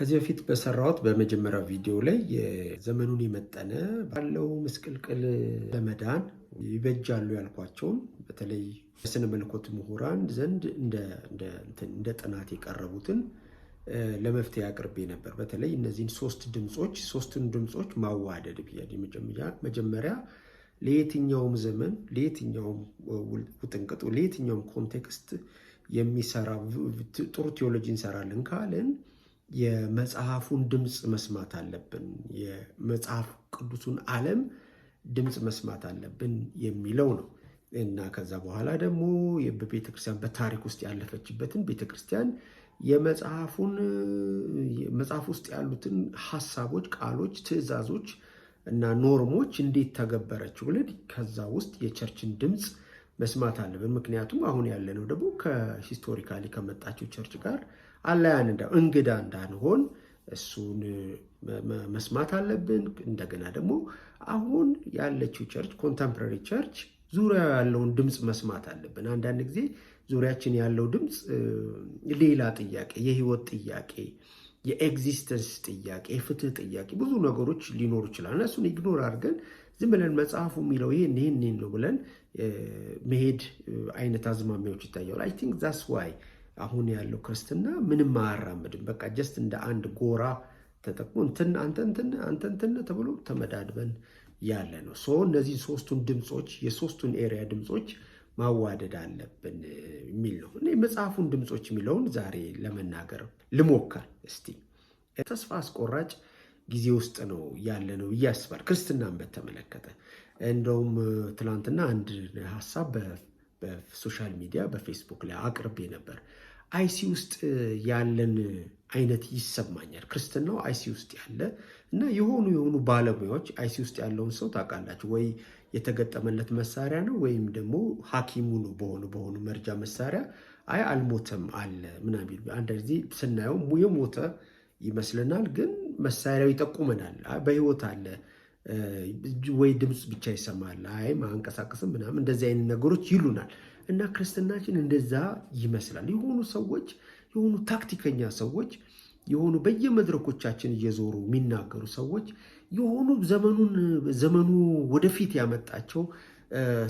ከዚህ በፊት በሰራሁት በመጀመሪያው ቪዲዮ ላይ የዘመኑን የመጠነ ባለው ምስቅልቅል ለመዳን ይበጃሉ ያልኳቸውን በተለይ በስነ መለኮት ምሁራን ዘንድ እንደ ጥናት የቀረቡትን ለመፍትሄ አቅርቤ ነበር። በተለይ እነዚህን ሶስት ድምፆች ሶስቱን ድምፆች ማዋደድ ብያ መጀመሪያ ለየትኛውም ዘመን ለየትኛውም ውጥንቅጡ ለየትኛውም ኮንቴክስት የሚሰራ ጥሩ ቴዎሎጂ እንሰራለን ካልን የመጽሐፉን ድምፅ መስማት አለብን፣ የመጽሐፍ ቅዱሱን ዓለም ድምፅ መስማት አለብን የሚለው ነው እና ከዛ በኋላ ደግሞ በቤተክርስቲያን በታሪክ ውስጥ ያለፈችበትን ቤተክርስቲያን የመጽሐፉን መጽሐፍ ውስጥ ያሉትን ሀሳቦች፣ ቃሎች፣ ትዕዛዞች እና ኖርሞች እንዴት ተገበረች ብለን ከዛ ውስጥ የቸርችን ድምፅ መስማት አለብን። ምክንያቱም አሁን ያለነው ደግሞ ከሂስቶሪካሊ ከመጣችው ቸርች ጋር አለያን እንግዳ እንዳንሆን እሱን መስማት አለብን። እንደገና ደግሞ አሁን ያለችው ቸርች ኮንተምፕራሪ ቸርች ዙሪያ ያለውን ድምፅ መስማት አለብን። አንዳንድ ጊዜ ዙሪያችን ያለው ድምፅ ሌላ ጥያቄ፣ የህይወት ጥያቄ፣ የኤግዚስተንስ ጥያቄ፣ የፍትህ ጥያቄ፣ ብዙ ነገሮች ሊኖሩ ይችላል እና እሱን ኢግኖር አድርገን ዝም ብለን መጽሐፉ የሚለው ይሄን ይህን ነው ብለን መሄድ አይነት አዝማሚያዎች ይታያል። አይ ቲንክ ዛስ ዋይ አሁን ያለው ክርስትና ምንም አያራምድም። በቃ ጀስት እንደ አንድ ጎራ ተጠቅሞ እንትን አንተ እንትን አንተ እንትን ተብሎ ተመዳድበን ያለ ነው። ሶ እነዚህ ሶስቱን ድምፆች የሶስቱን ኤሪያ ድምፆች ማዋደድ አለብን የሚል ነው። እና የመጽሐፉን ድምፆች የሚለውን ዛሬ ለመናገር ልሞከር እስቲ። ተስፋ አስቆራጭ ጊዜ ውስጥ ነው ያለ ነው እያስባል ክርስትናን በተመለከተ እንደውም ትናንትና አንድ ሀሳብ በሶሻል ሚዲያ በፌስቡክ ላይ አቅርቤ ነበር። አይሲ ውስጥ ያለን አይነት ይሰማኛል። ክርስትናው አይሲ ውስጥ ያለ እና የሆኑ የሆኑ ባለሙያዎች አይሲ ውስጥ ያለውን ሰው ታውቃላችሁ ወይ የተገጠመለት መሳሪያ ነው ወይም ደግሞ ሐኪሙ ነው በሆኑ በሆኑ መርጃ መሳሪያ አይ አልሞተም አለ ምናምን አንድ ጊዜ ስናየው የሞተ ይመስልናል፣ ግን መሳሪያው ይጠቁመናል በህይወት አለ ወይ ድምፅ ብቻ ይሰማል፣ አይ አንቀሳቀስም ምናምን እንደዚህ አይነት ነገሮች ይሉናል። እና ክርስትናችን እንደዛ ይመስላል። የሆኑ ሰዎች የሆኑ ታክቲከኛ ሰዎች የሆኑ በየመድረኮቻችን እየዞሩ የሚናገሩ ሰዎች የሆኑ ዘመኑን ዘመኑ ወደፊት ያመጣቸው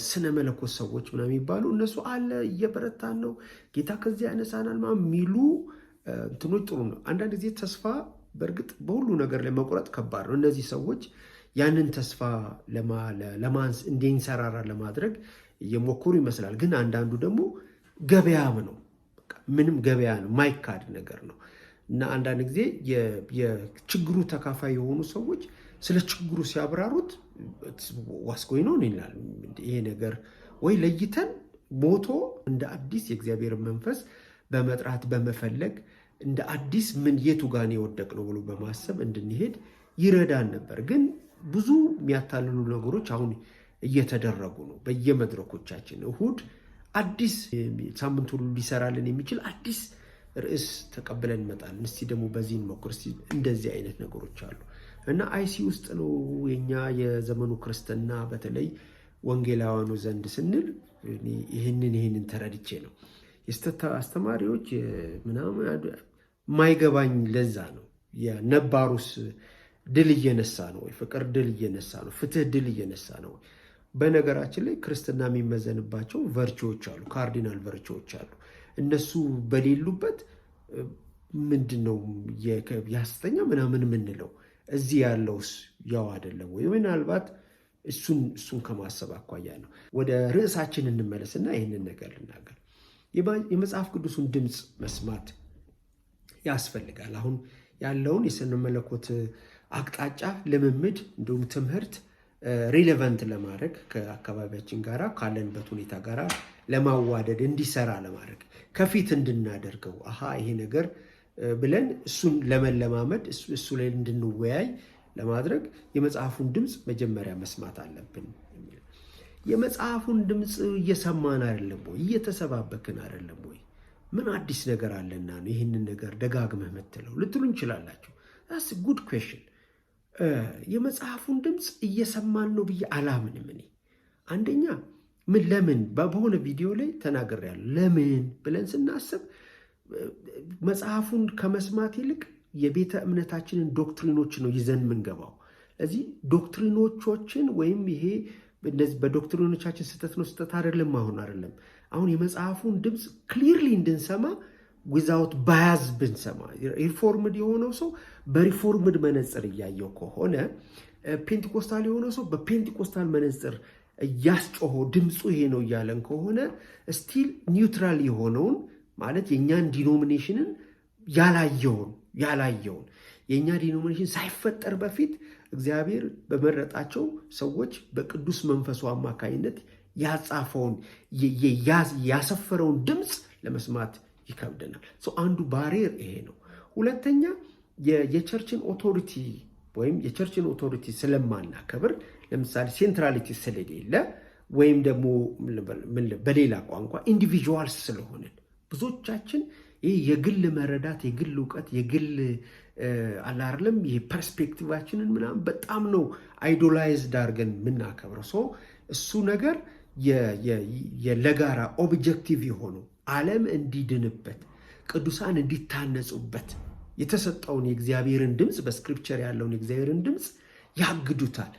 ስነ መለኮት ሰዎች ምናምን የሚባሉ እነሱ አለ እየበረታን ነው ጌታ ከዚህ ያነሳናል ምናምን የሚሉ እንትኖች ጥሩ ነው። አንዳንድ ጊዜ ተስፋ በእርግጥ በሁሉ ነገር ላይ መቁረጥ ከባድ ነው። እነዚህ ሰዎች ያንን ተስፋ ለማንስ እንዲንሰራራ ለማድረግ እየሞከሩ ይመስላል። ግን አንዳንዱ ደግሞ ገበያም ነው፣ ምንም ገበያ ነው፣ ማይካድ ነገር ነው እና አንዳንድ ጊዜ የችግሩ ተካፋይ የሆኑ ሰዎች ስለ ችግሩ ሲያብራሩት ዋስኮይ ነው ይላል። ይሄ ነገር ወይ ለይተን ሞቶ እንደ አዲስ የእግዚአብሔር መንፈስ በመጥራት በመፈለግ እንደ አዲስ ምን የቱ የወደቅ ነው ብሎ በማሰብ እንድንሄድ ይረዳን ነበር። ግን ብዙ የሚያታልሉ ነገሮች አሁን እየተደረጉ ነው። በየመድረኮቻችን እሁድ አዲስ ሳምንት ሁሉ ሊሰራልን የሚችል አዲስ ርዕስ ተቀብለን እንመጣለን። እስቲ ደግሞ በዚህ እንሞክር፣ እንደዚህ አይነት ነገሮች አሉ እና አይሲ ውስጥ ነው የኛ የዘመኑ ክርስትና በተለይ ወንጌላውያኑ ዘንድ ስንል ይህንን ይህንን ተረድቼ ነው የስተት አስተማሪዎች ምናምን ማይገባኝ። ለዛ ነው የነባሩስ ድል እየነሳ ነው ወይ? ፍቅር ድል እየነሳ ነው? ፍትህ ድል እየነሳ ነው? በነገራችን ላይ ክርስትና የሚመዘንባቸው ቨርቹዎች አሉ፣ ካርዲናል ቨርቹዎች አሉ። እነሱ በሌሉበት ምንድን ነው የሐሰተኛ ምናምን የምንለው? እዚህ ያለውስ ያው አይደለም ወይ? ምናልባት እሱን እሱን ከማሰብ አኳያ ነው። ወደ ርዕሳችን እንመለስና ይህንን ነገር ልናገር። የመጽሐፍ ቅዱሱን ድምፅ መስማት ያስፈልጋል። አሁን ያለውን የስነ መለኮት አቅጣጫ ልምምድ፣ እንዲሁም ትምህርት ሪሌቨንት ለማድረግ ከአካባቢያችን ጋራ ካለንበት ሁኔታ ጋራ ለማዋደድ እንዲሰራ ለማድረግ ከፊት እንድናደርገው አሀ ይሄ ነገር ብለን እሱን ለመለማመድ እሱ ላይ እንድንወያይ ለማድረግ የመጽሐፉን ድምፅ መጀመሪያ መስማት አለብን። የመጽሐፉን ድምፅ እየሰማን አይደለም ወይ? እየተሰባበክን አይደለም ወይ? ምን አዲስ ነገር አለና ነው ይህንን ነገር ደጋግመህ የምትለው ልትሉ እንችላላችሁ። ስ ጉድ ኩዌሽን የመጽሐፉን ድምፅ እየሰማን ነው ብዬ አላምንም። እኔ አንደኛ ምን ለምን በሆነ ቪዲዮ ላይ ተናግሬያለሁ። ለምን ብለን ስናስብ መጽሐፉን ከመስማት ይልቅ የቤተ እምነታችንን ዶክትሪኖች ነው ይዘን የምንገባው። እዚህ ዶክትሪኖቾችን ወይም ይሄ በዶክትሪኖቻችን ስህተት ነው ስህተት አይደለም አሁን አይደለም አሁን የመጽሐፉን ድምፅ ክሊርሊ እንድንሰማ ዊዛውት ባያዝ ብንሰማ ሪፎርምድ የሆነው ሰው በሪፎርምድ መነጽር እያየው ከሆነ ፔንቲኮስታል የሆነው ሰው በፔንቲኮስታል መነጽር እያስጮሆ ድምፁ ይሄ ነው እያለን ከሆነ ስቲል ኒውትራል የሆነውን ማለት የእኛን ዲኖሚኔሽንን ያላየውን ያላየውን የእኛ ዲኖሚኔሽን ሳይፈጠር በፊት እግዚአብሔር በመረጣቸው ሰዎች በቅዱስ መንፈሱ አማካኝነት ያጻፈውን ያሰፈረውን ድምፅ ለመስማት ይከብደናል። አንዱ ባሪየር ይሄ ነው። ሁለተኛ የቸርችን ኦቶሪቲ ወይም የቸርችን ኦቶሪቲ ስለማናከብር ለምሳሌ ሴንትራሊቲ ስለሌለ ወይም ደግሞ በሌላ ቋንቋ ኢንዲቪዥዋልስ ስለሆንን ብዙዎቻችን ይህ የግል መረዳት፣ የግል እውቀት፣ የግል አላርለም ይ ፐርስፔክቲቫችንን ምናምን በጣም ነው አይዶላይዝ ዳርገን የምናከብረው ሰው እሱ ነገር የለጋራ ኦብጀክቲቭ የሆነው ዓለም እንዲድንበት ቅዱሳን እንዲታነጹበት የተሰጠውን የእግዚአብሔርን ድምፅ በስክሪፕቸር ያለውን የእግዚአብሔርን ድምፅ ያግዱታል፣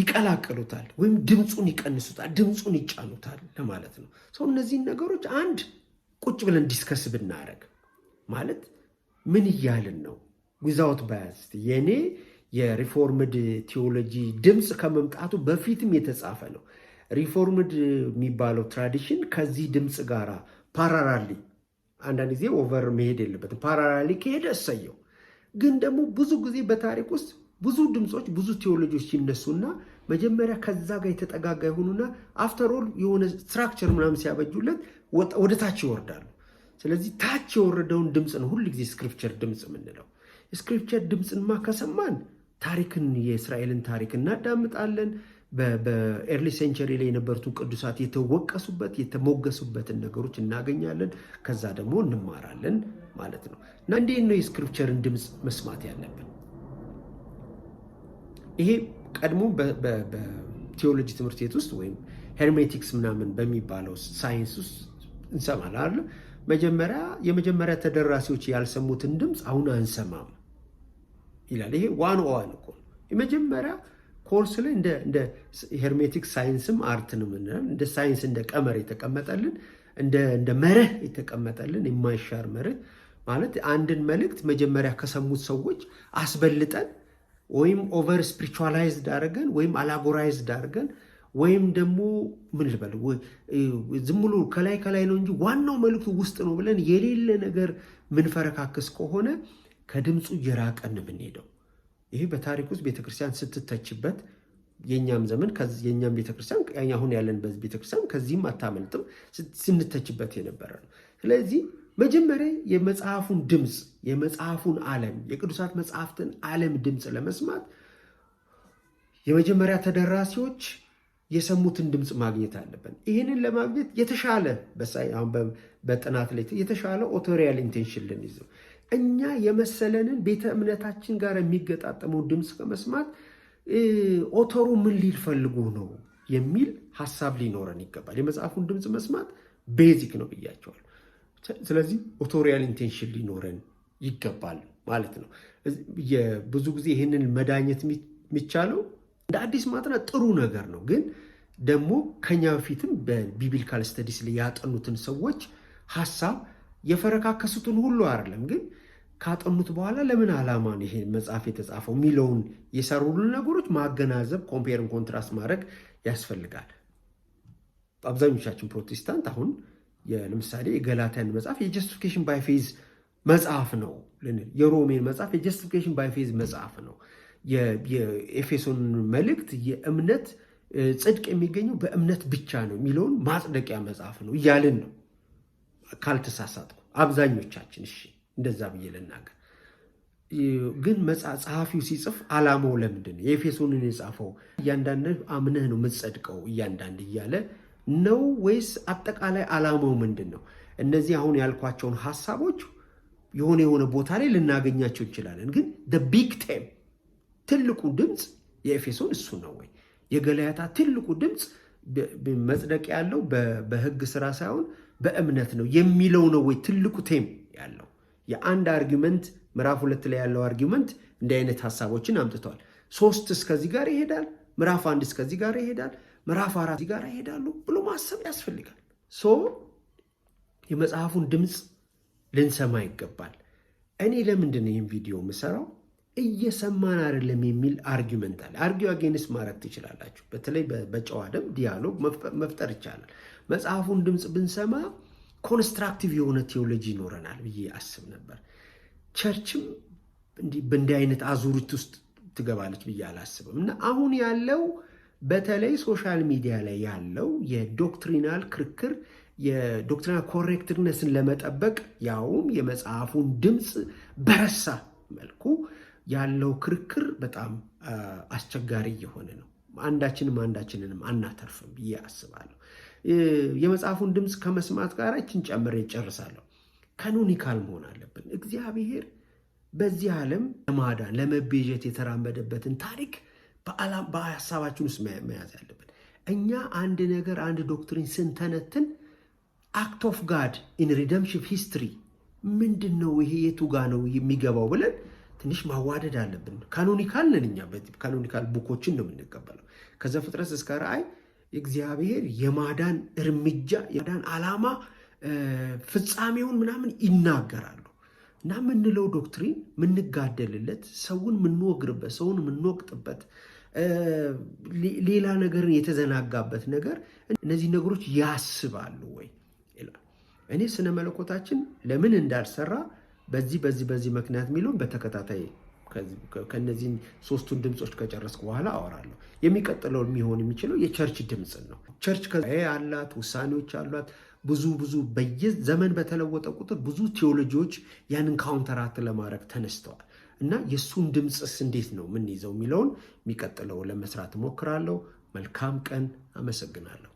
ይቀላቀሉታል፣ ወይም ድምፁን ይቀንሱታል፣ ድምፁን ይጫኑታል ለማለት ነው። ሰው እነዚህን ነገሮች አንድ ቁጭ ብለን ዲስከስ ብናደረግ ማለት ምን እያልን ነው? ዊዛውት ባያስ የእኔ የሪፎርምድ ቴዎሎጂ ድምፅ ከመምጣቱ በፊትም የተጻፈ ነው። ሪፎርምድ የሚባለው ትራዲሽን ከዚህ ድምፅ ጋር ፓራራሊ አንዳንድ ጊዜ ኦቨር መሄድ የለበትም። ፓራራሊ ከሄደ እሰየው። ግን ደግሞ ብዙ ጊዜ በታሪክ ውስጥ ብዙ ድምፆች ብዙ ቴዎሎጂዎች ሲነሱና መጀመሪያ ከዛ ጋር የተጠጋጋ የሆኑና አፍተርኦል የሆነ ስትራክቸር ምናምን ሲያበጁለት ወደ ታች ይወርዳሉ። ስለዚህ ታች የወረደውን ድምፅ ነው ሁል ጊዜ ስክሪፕቸር ድምፅ የምንለው። ስክሪፕቸር ድምፅንማ ከሰማን ታሪክን የእስራኤልን ታሪክ እናዳምጣለን። በኤርሊ ሴንቸሪ ላይ የነበሩትን ቅዱሳት የተወቀሱበት የተሞገሱበትን ነገሮች እናገኛለን። ከዛ ደግሞ እንማራለን ማለት ነው እና እንዲህ ነው የስክሪፕቸርን ድምፅ መስማት ያለብን። ይሄ ቀድሞ በቴዎሎጂ ትምህርት ቤት ውስጥ ወይም ሄርሜቲክስ ምናምን በሚባለው ሳይንስ ውስጥ እንሰማላል። መጀመሪያ የመጀመሪያ ተደራሲዎች ያልሰሙትን ድምፅ አሁን አንሰማም ይላል። ይሄ ዋን ዋን እኮ የመጀመሪያ ኮርስ ላይ እንደ ሄርሜቲክ ሳይንስም አርትንም እንደ ሳይንስ እንደ ቀመር የተቀመጠልን እንደ መርህ የተቀመጠልን የማይሻር መርህ ማለት አንድን መልእክት መጀመሪያ ከሰሙት ሰዎች አስበልጠን ወይም ኦቨር ስፒሪቹዋላይዝድ አድርገን ወይም አላጎራይዝድ አድርገን ወይም ደግሞ ምን ልበል ዝም ብሎ ከላይ ከላይ ነው እንጂ ዋናው መልእክቱ ውስጥ ነው ብለን የሌለ ነገር ምንፈረካክስ ከሆነ ከድምፁ እየራቀን ነው የምንሄደው። ይህ በታሪክ ውስጥ ቤተክርስቲያን ስትተችበት የእኛም ዘመን የእኛም ቤተክርስቲያን አሁን ያለንበት ቤተክርስቲያን ከዚህም አታመልጥም ስንተችበት የነበረ ነው። ስለዚህ መጀመሪያ የመጽሐፉን ድምፅ የመጽሐፉን ዓለም የቅዱሳት መጽሐፍትን ዓለም ድምፅ ለመስማት የመጀመሪያ ተደራሲዎች የሰሙትን ድምፅ ማግኘት አለብን። ይህንን ለማግኘት የተሻለ በጥናት ላይ የተሻለ ኦቶሪያል ኢንቴንሽን ልንይዘው እኛ የመሰለንን ቤተ እምነታችን ጋር የሚገጣጠመውን ድምፅ ከመስማት ኦተሩ ምን ሊል ፈልጎ ነው የሚል ሀሳብ ሊኖረን ይገባል። የመጽሐፉን ድምፅ መስማት ቤዚክ ነው ብያቸዋል። ስለዚህ ኦቶሪያል ኢንቴንሽን ሊኖረን ይገባል ማለት ነው። ብዙ ጊዜ ይህንን መዳኘት የሚቻለው እንደ አዲስ ማጥናት ጥሩ ነገር ነው፣ ግን ደግሞ ከኛ በፊትም በቢብሊካል ስተዲስ ላይ ያጠኑትን ሰዎች ሀሳብ የፈረካከሱትን ሁሉ አይደለም ግን ካጠኑት በኋላ ለምን ዓላማ ነው ይሄ መጽሐፍ የተጻፈው የሚለውን የሰሩልን ነገሮች ማገናዘብ፣ ኮምፔርን ኮንትራስት ማድረግ ያስፈልጋል። አብዛኞቻችን ፕሮቴስታንት አሁን ለምሳሌ የገላትያን መጽሐፍ የጀስቲፊኬሽን ባይ ፌዝ መጽሐፍ ነው ልንል፣ የሮሜን መጽሐፍ የጀስቲፊኬሽን ባይ ፌዝ መጽሐፍ ነው፣ የኤፌሶን መልእክት የእምነት ጽድቅ የሚገኘው በእምነት ብቻ ነው የሚለውን ማጽደቂያ መጽሐፍ ነው እያልን ነው። ካልተሳሳትኩ አብዛኞቻችን እሺ እንደዛ ብዬ ልናገር። ግን ጸሐፊው ሲጽፍ አላማው ለምንድን ነው የኤፌሶንን የጻፈው? እያንዳንድ አምነህ ነው የምትጸድቀው እያንዳንድ እያለ ነው ወይስ አጠቃላይ አላማው ምንድን ነው? እነዚህ አሁን ያልኳቸውን ሀሳቦች የሆነ የሆነ ቦታ ላይ ልናገኛቸው እንችላለን። ግን ቢግ ቴም ትልቁ ድምፅ የኤፌሶን እሱ ነው ወይ የገላያታ ትልቁ ድምፅ መጽደቅ ያለው በህግ ስራ ሳይሆን በእምነት ነው የሚለው ነው ወይ ትልቁ ቴም ያለው የአንድ አርጊመንት ምዕራፍ ሁለት ላይ ያለው አርጊመንት እንዲህ አይነት ሀሳቦችን አምጥተዋል። ሶስት እስከዚህ ጋር ይሄዳል፣ ምዕራፍ አንድ እስከዚህ ጋር ይሄዳል፣ ምዕራፍ አራት ጋር ይሄዳሉ ብሎ ማሰብ ያስፈልጋል። ሶ የመጽሐፉን ድምፅ ልንሰማ ይገባል። እኔ ለምንድን ነው ይህን ቪዲዮ የምሰራው? እየሰማን አይደለም የሚል አርጊመንት አለ። አርጊው አጌንስ ማድረግ ትችላላችሁ። በተለይ በጨዋ ደም ዲያሎግ መፍጠር ይቻላል። መጽሐፉን ድምፅ ብንሰማ ኮንስትራክቲቭ የሆነ ቴዎሎጂ ይኖረናል ብዬ አስብ ነበር። ቸርችም በእንዲህ አይነት አዙሪት ውስጥ ትገባለች ብዬ አላስብም እና አሁን ያለው በተለይ ሶሻል ሚዲያ ላይ ያለው የዶክትሪናል ክርክር የዶክትሪናል ኮሬክትነስን ለመጠበቅ ያውም የመጽሐፉን ድምፅ በረሳ መልኩ ያለው ክርክር በጣም አስቸጋሪ እየሆነ ነው። አንዳችንም አንዳችንንም አናተርፍም ብዬ አስባለሁ። የመጽሐፉን ድምፅ ከመስማት ጋር ይችን ጨምሬ ጨርሳለሁ። ከኖኒካል መሆን አለብን። እግዚአብሔር በዚህ ዓለም ለማዳን ለመቤዠት የተራመደበትን ታሪክ በሀሳባችን ውስጥ መያዝ ያለብን እኛ አንድ ነገር አንድ ዶክትሪን ስንተነትን አክት ኦፍ ጋድ ኢን ሪደምሽን ሂስትሪ ምንድን ነው ይሄ የቱ ጋ ነው የሚገባው ብለን ትንሽ ማዋደድ አለብን። ካኖኒካል ነን እኛ። ካኖኒካል ቡኮችን ነው የምንቀበለው። ከዘፍጥረት እስከ ራእይ እግዚአብሔር የማዳን እርምጃ የማዳን ዓላማ ፍጻሜውን ምናምን ይናገራሉ እና የምንለው ዶክትሪን የምንጋደልለት ሰውን የምንወግርበት ሰውን የምንወቅጥበት ሌላ ነገርን የተዘናጋበት ነገር እነዚህ ነገሮች ያስባሉ ወይ? እኔ ስነ መለኮታችን ለምን እንዳልሰራ በዚህ በዚህ በዚህ ምክንያት የሚለውን በተከታታይ ከነዚህን ሶስቱን ድምፆች ከጨረስኩ በኋላ አወራለሁ። የሚቀጥለው የሚሆን የሚችለው የቸርች ድምፅን ነው። ቸርች አላት፣ ውሳኔዎች አሏት። ብዙ ብዙ በየዘመን በተለወጠ ቁጥር ብዙ ቴዎሎጂዎች ያንን ካውንተራት ለማድረግ ተነስተዋል እና የእሱን ድምፅስ እንዴት ነው ምን ይዘው የሚለውን የሚቀጥለው ለመስራት እሞክራለሁ። መልካም ቀን። አመሰግናለሁ።